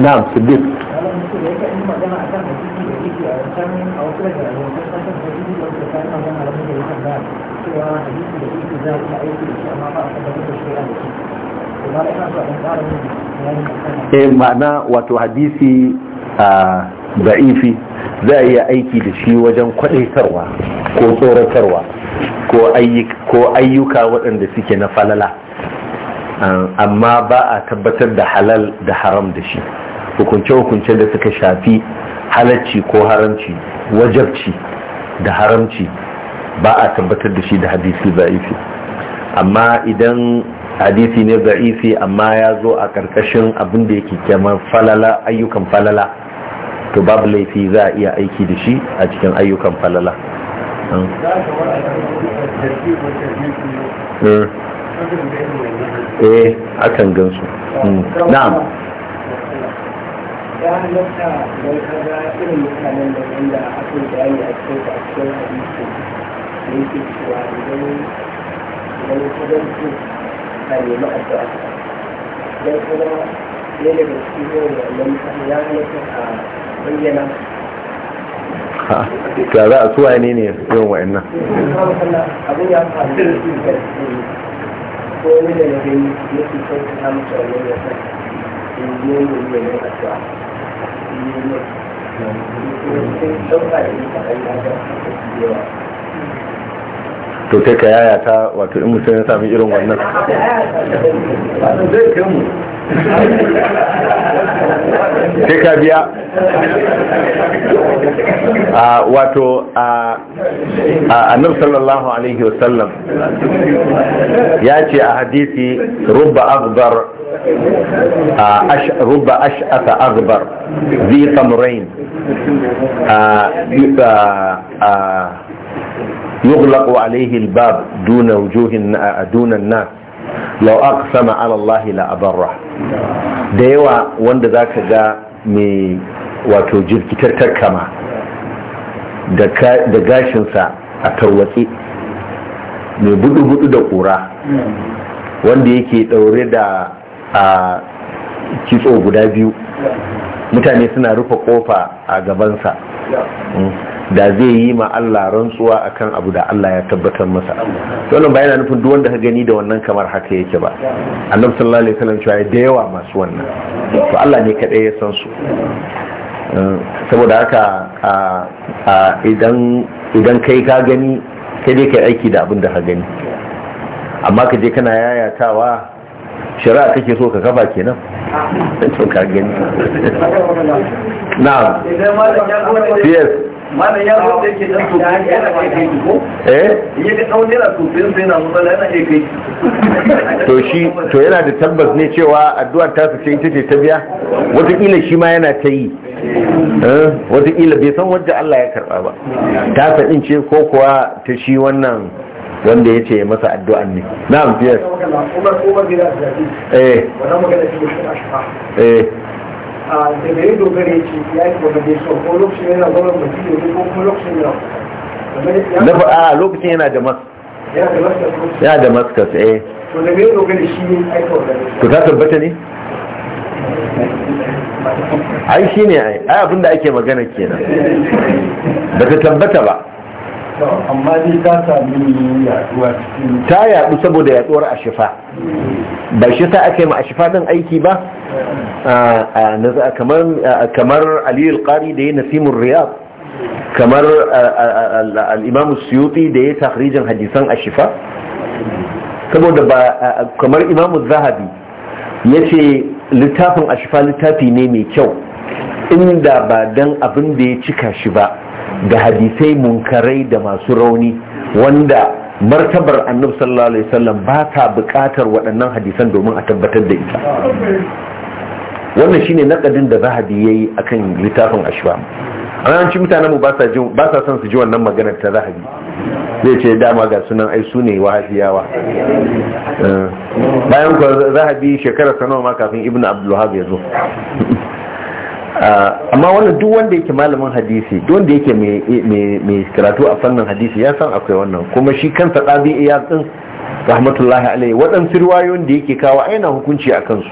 na'am siddiq eh ma'ana wato hadisi a da'ifi za a iya aiki da shi wajen kwadaitarwa ko tsoratarwa ko ayyuka waɗanda suke na falala amma ba a tabbatar da halal da haram da shi hukunce-hukunce da suka shafi halacci ko haramci wajabci da haramci ba a tabbatar da shi da hadisi za'ifi amma idan hadisi ne za'ifi amma ya zo a ƙarƙashin abin da yake kyamar falala ayyukan falala to babu laifi za a iya aiki da shi a cikin ayyukan falala hmm. eh akan gansu hmm. na'am ya halatta don irin mutanen da wanda aka yi bayani a cikin a cikin hadisi da cewa idan idan su ka nemi addu'a ne daga cikin ta ya a bayyana ka za a suwa ne ne wa ina abin ya faru da su da ko ne da gani ya in ne ne ne a to kai ka yaya ta wato in mutum ya sami irin wannan Kika bia uh, Watu uh, uh, annab sallallahu alayhi wa sallam Yachi ahadithi Rubba agbar uh, ash, rubba ash'ata akbar zi samurain يغلق عليه الباب دون وجوه دون الناس law aqsama ala Allah la abarra da yawa wanda zaka ga mai wato jirkitar kama da gashinsa a tarwatse mai budu-budu da ƙura wanda yake daure da a kitso guda biyu mutane suna rufe ƙofa a gabansa da zai yi ma Allah rantsuwa akan abu da Allah ya tabbatar masa wannan ba yana nufin duk wanda ka gani da wannan kamar haka yake ba annabi sallallahu alaihi wasallam cewa da yawa masu wannan to Allah ne kadai ya san su saboda haka idan idan kai ka gani kai dai kai aiki da abin da ka gani amma ka je kana yayatawa shari'a kake so ka kafa kenan to ka gani na'am yes malam ya zo yake dan to ya yana kai ko eh yake tsawon naira to sai sai na zuwa yana kai kai to shi to yana da tabbas ne cewa addu'ar ta ce ita ce ta biya wataƙila shi ma yana ta yi eh? wataƙila bai san wadda Allah ya karɓa ba ta faɗin ce ko kuwa ta shi wannan wanda ya ce masa addu'an ne na'am fiyar eh eh da gare dogara ya ce ya yi accommodation ko lokacin yana zama mutum ne ko kuma lokacin yana na ba a lokacin yana da maskas yana da maskas eh to da gare dogara shi ne aika to ta tabbata ne ai shi ne ai abinda ake magana kenan ba ta tabbata ba amma dai ta sami yaduwa ta yadu saboda yaduwar ashifa ba shi sa ake yi ma ashifa din aiki ba kamar aliyu alƙari da ya nasimun riyab kamar al'imamu suyuti da ya tafrijin hadisan a shifa saboda ba kamar imamu zahabi ya ce littafin a shifa littafi ne mai kyau inda ba don abin da ya cika shi ba da hadisai munkarai da masu rauni wanda martabar annabi sallallahu alaihi wasallam ba ta buƙatar waɗannan hadisan domin a tabbatar da ita wannan shine nakadin da zahabi yayi akan littafin ashba an ci mutanen mu ba sa jin ba sa son su ji wannan maganar ta zahabi zai ce dama ga sunan ai sune wahabiyawa eh, bayan ko zahabi shekara sanawa ma kafin ibnu abdul wahab ya zo ah, amma wannan duk wanda yake malamin hadisi duk wanda yake mai karatu a fannin hadisi ya san akwai wannan kuma shi kansa ɗabi'i ya tsin rahmatullahi alaihi waɗansu riwayoyin da yake kawo aina hukunci a kansu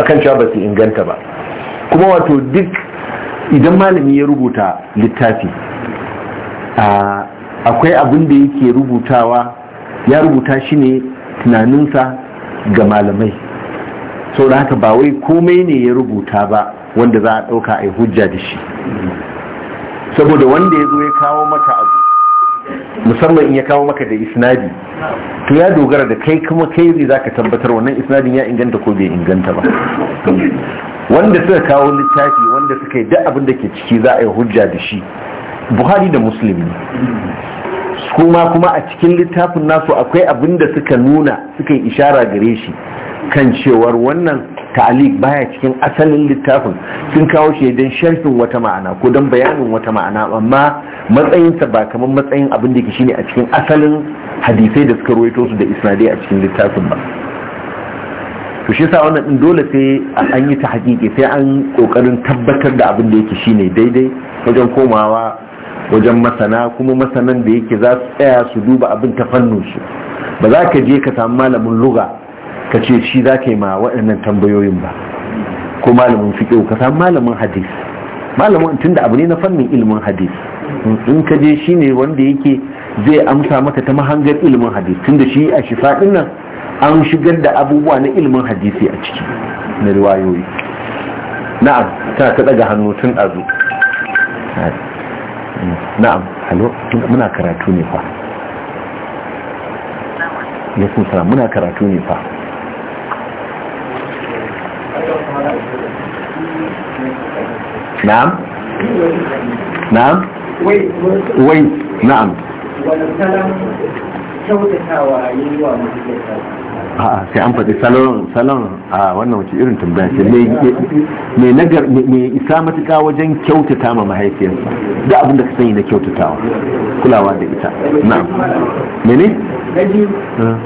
akan cewa ba su inganta ba kuma wato duk idan malami ya rubuta littafi akwai abin da yake rubutawa ya rubuta shi ne tunaninsa ga malamai sau da haka ba wai komai ne ya rubuta ba wanda za a ɗauka a yi hujja da shi saboda wanda ya zo ya kawo maka abu musamman in ya kawo maka da isnadi to ya dogara da kai kuma kai ne zaka tabbatar wannan isnadin ya inganta ko bai inganta ba wanda suka kawo littafi wanda suka yi duk abin da ke ciki za a yi hujja da shi buhari da musulmi. kuma kuma a cikin littafin nasu akwai abin da suka nuna suka yi ishara gare shi kan cewar wannan ta'alik baya cikin asalin littafin sun kawo shi don sharfin wata ma'ana ko don bayanin wata ma'ana amma matsayinsa ba kamar matsayin abin da ke shine a cikin asalin hadisai da suka ruwaito su da isnadai a cikin littafin ba to shi sa wannan din dole sai an yi ta hakiki sai an kokarin tabbatar da abin da yake shine daidai wajen komawa wajen masana kuma masanan da yake za su tsaya su duba abin ta fannin su ba za ka je ka samu malamin luga ka ce shi za ka yi ma waɗannan tambayoyin ba ko malamin fiƙe ka samu malamin hadis malamin tun da abu ne na fannin ilimin hadis in ka je shi ne wanda yake zai amsa maka ta mahangar ilimin hadis tunda shi a faɗin nan an shigar da abubuwa na ilimin hadisi a ciki na riwayoyi na'am ta ta daga hannu tun zo na'am halo muna karatu ne fa ya muna karatu ne fa na'am na'am wai na'am a'a sai an faɗi salon salon a wannan wace irin tambaya ce me nagar me isa matuƙa wajen kyautata ma mahaifiyarsa da abinda ka sani na kyautatawa kulawa da ita na'am mene? Ah.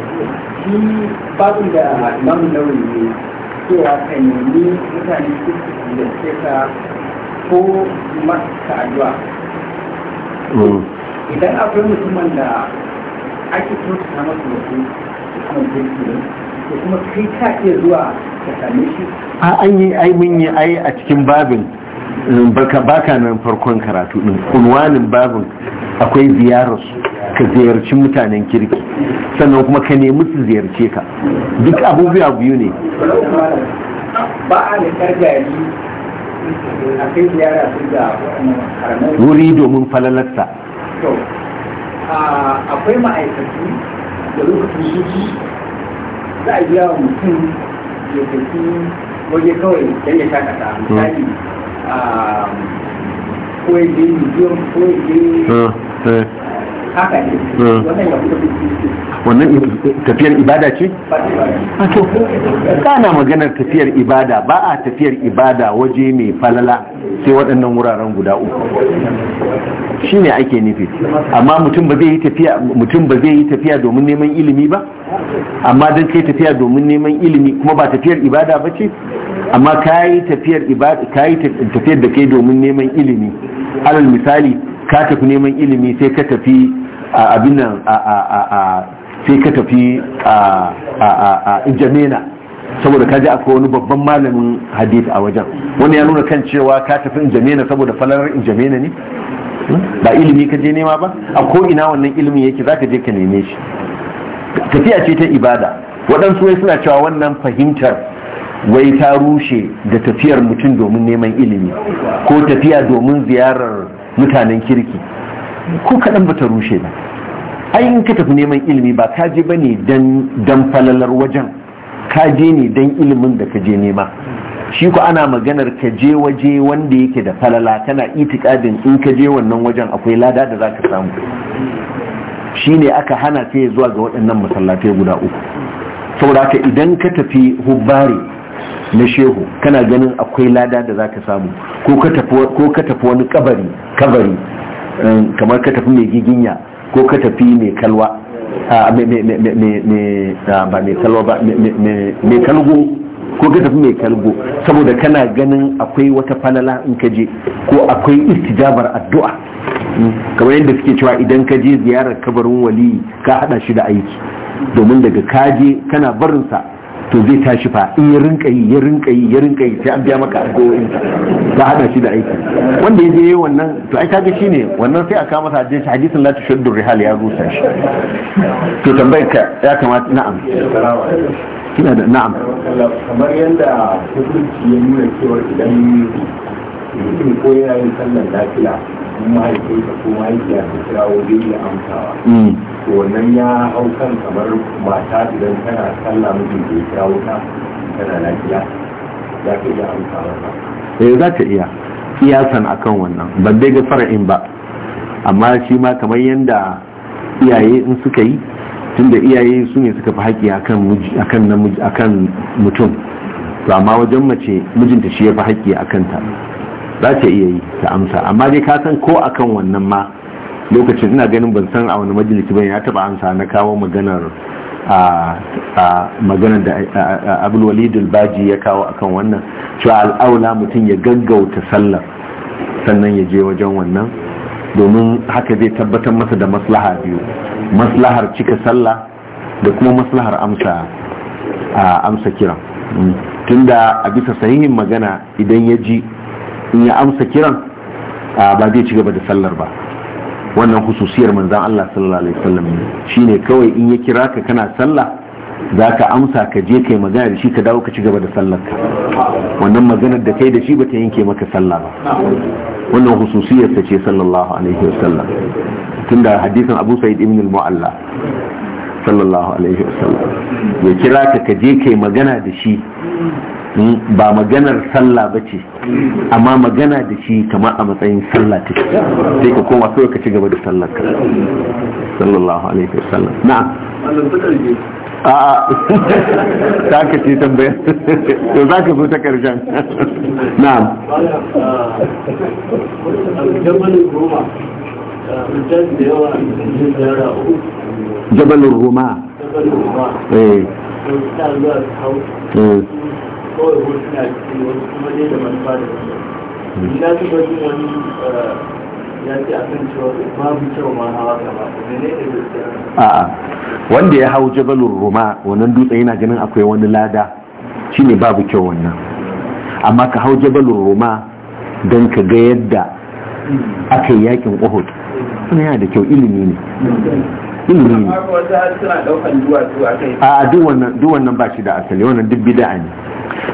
shi babin da imamun lauyi cewa ka nemi mutane su da suke ka ko masu addu'a mm. idan akwai musamman da ake kyautata masa wasu kuma jirgin da kuma kai ka iya zuwa ka same shi a an yi ai mun yi ai a cikin babin um, baka nan farkon karatu din kunwanin babin akwai ziyararsu ka ziyarci mutanen kirki sannan kuma ka nemi su ziyarce ka duk abubuwa biyu ne ba a wuri domin falalarsa akwai ma'aikatu da lokacin suci za a biya wa mutum ya tafi waje kawai don ya shakata misali ko ya je museum ko ya Hmm. wannan tafiyar ibada ce? to kana maganar tafiyar ibada ba a tafiyar ibada waje mai falala sai waɗannan wuraren guda uku shi ne ake nufi amma mutum ba zai yi tafiya domin neman ilimi ba amma don kai tafiya domin neman ilimi kuma ba tafiyar ibada ba ce amma ka yi tafiyar da kai domin neman ilimi alal misali ka tafi neman ilimi sai ka tafi a abin nan a sai ka tafi a jamina saboda ka ji akwai wani babban malamin hadith a wajen wani ya nuna kan cewa ka tafi jamina saboda falalar jamina ne ba ilimi ka je nema ba a ko ina wannan ilimin yake zaka je ka neme shi tafiya ce ta ibada waɗansu wai suna cewa wannan fahimtar wai ta rushe da tafiyar mutum domin neman ilimi ko tafiya domin ziyarar mutanen kirki ko kaɗan ba ta rushe ba ai in ka tafi neman ilimi ba ka je ba ne don falalar wajen ka je ne don ilimin da ka je nema shi ko ana maganar ka je waje wanda yake da falala kana itikadin in ka je wannan wajen akwai lada da zaka samu shi ne aka hana sai zuwa ga waɗannan masallatai guda uku saboda ka idan ka tafi hubbari na shehu kana ganin akwai lada da za ka samu ko ka tafi wani kabari Eh, kamar ka tafi mai giginya ko ka tafi mai kalwa ah, ah, ba mai kalwa ba mai kalgo ko ka tafi mai kalgo saboda kana ganin akwai wata falala in ka je ko akwai istijabar addu'a hmm, kamar yadda suke cewa idan ka je ziyarar kabarin wali ka hada shi da aiki domin daga kaje kana barinsa to zai tashi fa in ya rinka yi ya rinka yi ya rinka yi sai an biya maka addu'o'in ka hada shi da aiki wanda ya je wannan to ai kaga ne, wannan sai a kawo masa hadisi hadisin la tushaddu rihal ya rusa shi to tambayar ka ya kamata na'am kina da na'am kamar yanda hukunci ya nuna cewa idan mutum ko yana yin sallar lafiya kuma ko mahaifiya ta kira wajen iya amsawa mm. to wannan ya hau kan kamar mata idan tana kalla miji da ya kira wuta tana lafiya za ka iya amsa masa eh za ka iya kiyasan akan wannan ban dai ga fara'in ba amma shi ma kamar yadda iyaye in suka yi tunda iyaye su ne suka fi haƙƙi akan mutum to amma wajen mace mijinta shi ya fi haƙƙi a kanta za ta iya yi ta amsa amma dai ka san ko akan wannan ma lokacin ina ganin ban san a wani majalisi ba ya taba ansa na kawo maganar a maganar da abulwalidul baji ya kawo akan wannan cewa al'aula mutum ya gaggauta sallar sannan ya je wajen wannan domin haka zai tabbatar masa da maslaha biyu maslahar cika sallah da kuma maslahar amsa amsa kiran tunda a bisa sahihin magana idan ya ji in ya amsa kiran ba zai ci gaba da sallar ba wannan hususiyar manzan Allah sallallahu alaihi wasallam shine kawai in ya kira ka kana sallah za ka amsa ka je kai magana da shi ka dawo ka ci gaba da sallar ka wannan maganar da kai da shi bata yanke maka sallah ba wannan hususiyar ta ce sallallahu alaihi wasallam tunda hadisin Abu Sa'id ibn al-Mu'alla sallallahu alaihi wasallam ya kira ka ka je kai magana da shi ba maganar sallah ba ce amma magana da shi kama a matsayin sallah ta sai ka koma sai ka ci gaba da sallar ka sallallahu alaihi wasallam na'am a ta ka ce tambaya to za ka zo ta karshen na'am jabalin roma eh kawai a cikin wasu kuma dai da manufa da wasu na zuba jin wani eh, ya ce a kan cewa babu kyau ma hawa gaba ne ne da a'a wanda ya hau jabalun roma wannan dutse yana ganin akwai wani lada shine babu kyau wannan amma ka hau jabalun roma don ka ga yadda aka yi yakin uhud suna yana da kyau ilimi ne ilimi ne a duk wannan ba shi da asali wannan duk bida'a ne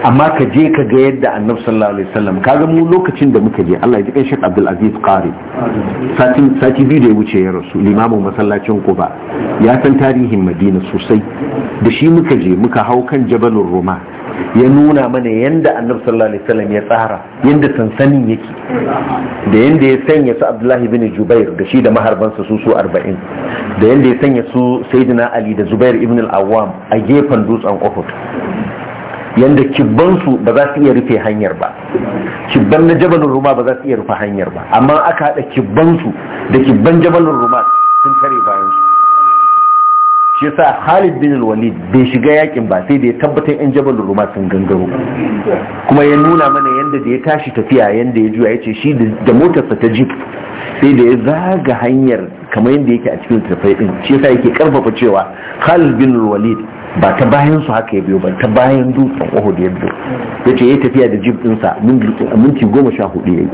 amma ka je ka ga yadda annabi sallallahu alaihi wasallam ga mu lokacin da muka je Allah ya ji kan Sheikh Abdul Aziz Qari sati sati biyu da ya wuce ya rasu limamin masallacin Quba ya san tarihin Madina sosai da shi muka je muka hau kan Jabalur Ruma ya nuna mana yadda annabi sallallahu alaihi wasallam ya tsara yadda sansanin yake da yadda ya sanya su abdullahi bin jubair da shi da maharbansa su su 40 da yadda ya sanya su sayyidina ali da zubair ibn al-awwam a gefen dutsen uhud yanda kibbansu ba za su iya rufe hanyar ba kibban na jabalin ruma ba za su iya rufe hanyar ba amma aka haɗa kibbansu da kibban jabalin ruma sun tare bayan su shi sa Khalid bin Walid bai shiga yakin ba sai da ya tabbatar yan jabalin Ruma sun gangaro kuma ya nuna mana yanda da ya tashi tafiya yanda ya juya ya ce shi da motarsa ta jeep sai da ya zaga hanyar kamar yanda yake a cikin tafiya din shi sa yake karfafa cewa Khalid bin Walid ba ta bayan su haka ya biyo ba ta bayan dutsen uhud ya biyo ya ce ya tafiya da jib ɗinsa minti goma sha hudu ya yi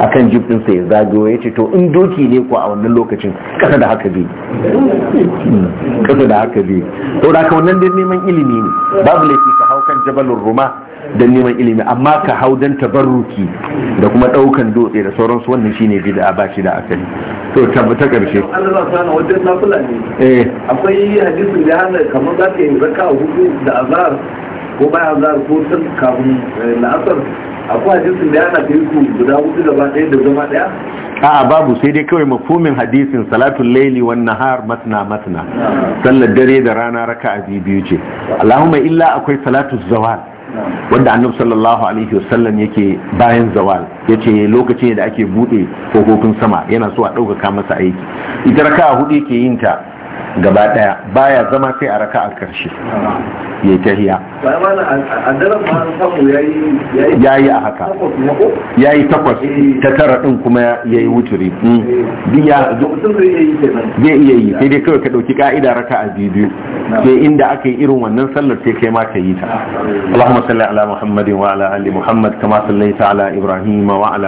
a kan jib ɗinsa ya zagayo ya ce to in doki ne ko a wannan lokacin ƙasa da haka biyu hmm, ƙasa da haka biyu to da haka wannan dai neman ilimi ne babu laifi ka hau kan jabalin ruma don neman ilimi amma ka hau don tabarruki da kuma daukan dutse da sauransu wannan shine bid'a ba shi da asali to tabbata karshe Allah ta sana wajen nafila ne eh akwai hadisin da hana kamar za ka yi raka'a hudu da azhar ko bayan azhar ko tun kafin eh, la'asar akwai hadisin da yana kai su guda hudu gaba ɗaya da zama ɗaya a'a babu sai dai kawai mafumin hadisin salatul laili wan nahar matna matna sallar dare da rana raka'a biyu ce allahumma illa akwai salatul zawal wanda annabi sallallahu alaihi wasallam yake bayan zawal yace lokacin da ake bude kofofin sama yana so a ɗaukaka masa aiki ita raka'a hudu yake yin ta gaba daya baya zama sai a raka a karshe ya yi tahiya ya yi a haka ya yi takwas eh. ta tara din kuma hmm. eh. ya yi wuturi zai iya yi sai dai kawai ka ɗauki ka'ida raka a biyu sai inda aka yi irin wannan sallar sai kai ma ka yi ta Allahumma salli ala Muhammadin wa ala ali Muhammad kama sallaita ala Ibrahim wa ala